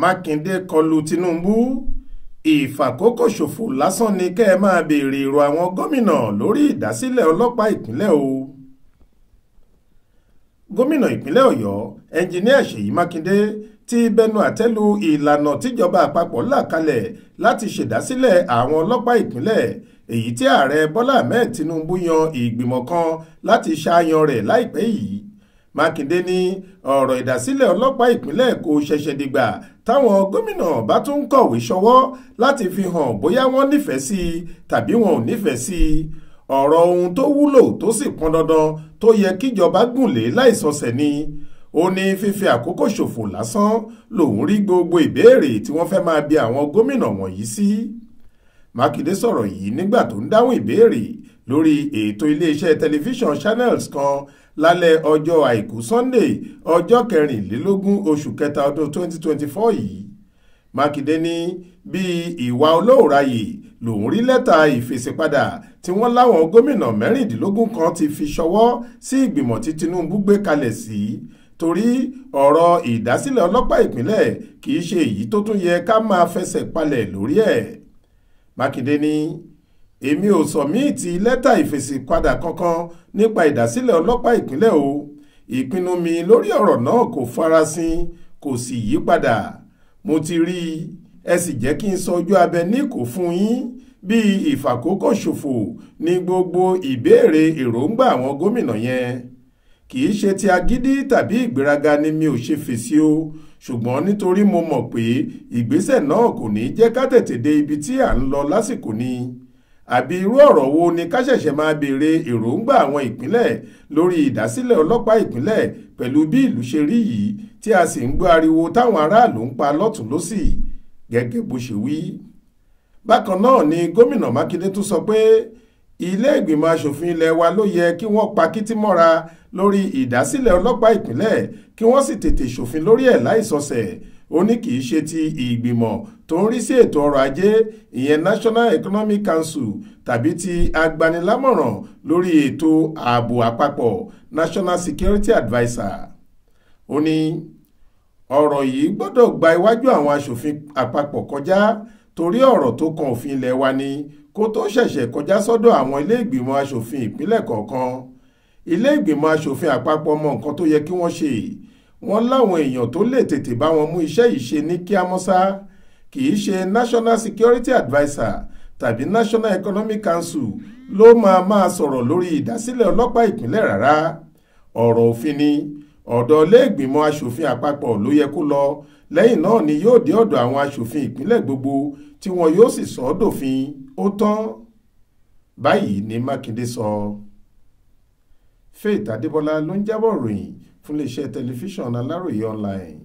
mákindé kọlu tinubu ìfàkókòṣòfò lásán ni kẹ́ ẹ máa béèrè èrò àwọn gómìnà lórí ìdásílẹ̀ ọlọ́pàá ìpínlẹ̀ o gómìnà ìpínlẹ̀ ọ̀yọ́ ẹnjiníà ṣèyí mákindé ti bẹnu àtẹ́lu ìlànà tíjọba àpapọ̀ là kalẹ̀ láti ṣèdásílẹ̀ àwọn ọlọ́pàá ìpínlẹ̀ èyí tí ààrẹ bọ́lá ahmed tinubu yan ìgbìmọ̀ kan láti ṣàyàn rẹ̀ láìpẹ́ yìí mákindé ní ọ̀rọ̀ ìdásílẹ̀ ọlọ́pàá ìpínlẹ̀ èkó ṣẹ̀ṣẹ̀ dìgbà táwọn gómìnà bá tún ń kọ̀wé ṣọwọ́ láti fi hàn bóyá wọ́n nífẹ̀ẹ́ sí i tàbí wọn ò nífẹ̀ẹ́ sí i ọ̀rọ̀ ohun tó wúlò tó sì pọn dandan tó yẹ kíjọba gùnlé láìsọsẹ̀ ni ó ní fífi àkókò ṣòfò lásán lòun rí gbogbo ìbéèrè tí wọ́n fẹ́ máa bi àwọn gómìnà wọ̀nyí sí. Si Mákindé sọ̀rọ̀ yìí nígbà tó ń dáhùn ìbéèrè lórí ètò iléeṣẹ́ tẹlifíṣàn Channels kan lálẹ́ ọjọ́ àìkú Sunday ọjọ́ kẹrìnlélógún oṣù kẹta ọdún 2024 yìí Mákindé ní bí ìwà olóòráyè lòun rí lẹ́tà ìfèsìpadà tí wọ́n láwọn gómìnà mẹ́rìndínlógún kan ti fi ṣọwọ́ sí ìgbìmọ̀ tí Tinubu gbé kalẹ̀ sí torí ọ̀rọ̀ ìdásílẹ̀ ọlọ́pàá ìpínlẹ̀ kì í ṣe èyí tó tún yẹ ká máa fẹsẹ̀ palẹ̀ lórí ẹ̀ mákindé ní èmi ò sọ̀míìtì lẹ́tà ìfèsì padà kankan nípa ìdásílẹ̀ ọlọ́pàá ìpínlẹ̀ o ìpinnu mi lórí ọ̀rọ̀ náà kò farasin kò sì yí padà mo ti rí i ẹ sì jẹ́ kí n sọ ojú abẹ ní kò fún yín bíi ìfàkókò ṣòfò ní gbogbo ìbéèrè èròǹgbà àwọn gómìnà yẹn kì í ṣe ti agídí tàbí ìgbéraga ni mi ò ṣe fèsì o ṣùgbọ́n nítorí mo mọ̀ pé ìgbésẹ̀ náà kò ní jẹ́ ká tètè dé ibi tí à ń lọ lásìkò ni àbí irú ọ̀rọ̀ wo ni ká ṣẹ̀ṣẹ̀ máa béèrè èròǹgbà àwọn ìpínlẹ̀ lórí ìdásílẹ̀ ọlọ́pàá ìpínlẹ̀ pẹ̀lú bí ìlú ṣe rí yìí tí a sì ń gbọ́ ariwo táwọn aráàlú ń pa lọ́tún lọ́sì gẹ́gẹ́ bó ṣe wí. bákan náà ni gómìnà mákindé tún sọ pé ilé ìgbìmọ̀ asòfin ilé wa ló yẹ kí wọ́n pa kìtì mọ́ra lórí ìdásílẹ̀ ọlọ́pàá ìpínlẹ̀ kí wọ́n sì tètè ṣòfin lórí ẹ̀ láìsọsẹ̀ ó ní kì í ṣe ti ìgbìmọ̀ tó ń rí sí ètò ọrọ̀ ajé ìyẹn National Economic Council tàbí ti agbanilámọ̀ràn lórí ètò ààbò àpapọ̀ National Security Adviser ó ní ọ̀rọ̀ yìí gbọ́dọ̀ gba iwájú àwọn asòfin àpapọ̀ kọjá torí ọ̀rọ̀ tó kan òfin ilé wa ni kó tó ṣẹ̀ṣẹ̀ kọjá sọ́dọ̀ àwọn ilé ìgbìmọ̀ asòfin ìpínlẹ̀ kọ̀ọ̀kan ilé ìgbìmọ̀ asòfin àpapọ̀ mọ nǹkan tó yẹ kí wọ́n ṣe wọ́n láwọn èèyàn tó lè tètè bá wọn mú iṣẹ́ yìí ṣe ní kíámọ́sá kì í ṣe national security adviser tàbí national economic council ló máa máa sọ̀rọ̀ lórí ìdásílẹ̀ ọlọ́pàá ìpínlẹ̀ rárá ọ̀rọ̀ òfin ni ọ̀dọ̀ iléègbìmọ̀ asòfin àpapọ̀ ló yẹ kó lọ lẹ́yìn náà ni yóò dé ọ̀dọ̀ àwọn asòfin ìpínlẹ̀ gbogbo tí wọn yóò sì sọ ọ́ dòfin ó tán báyìí ni mákindé sọ. faith adébọlá ló ń jábọ̀ ròyìn fún iléeṣẹ́ tẹlifíṣàn aláròye online.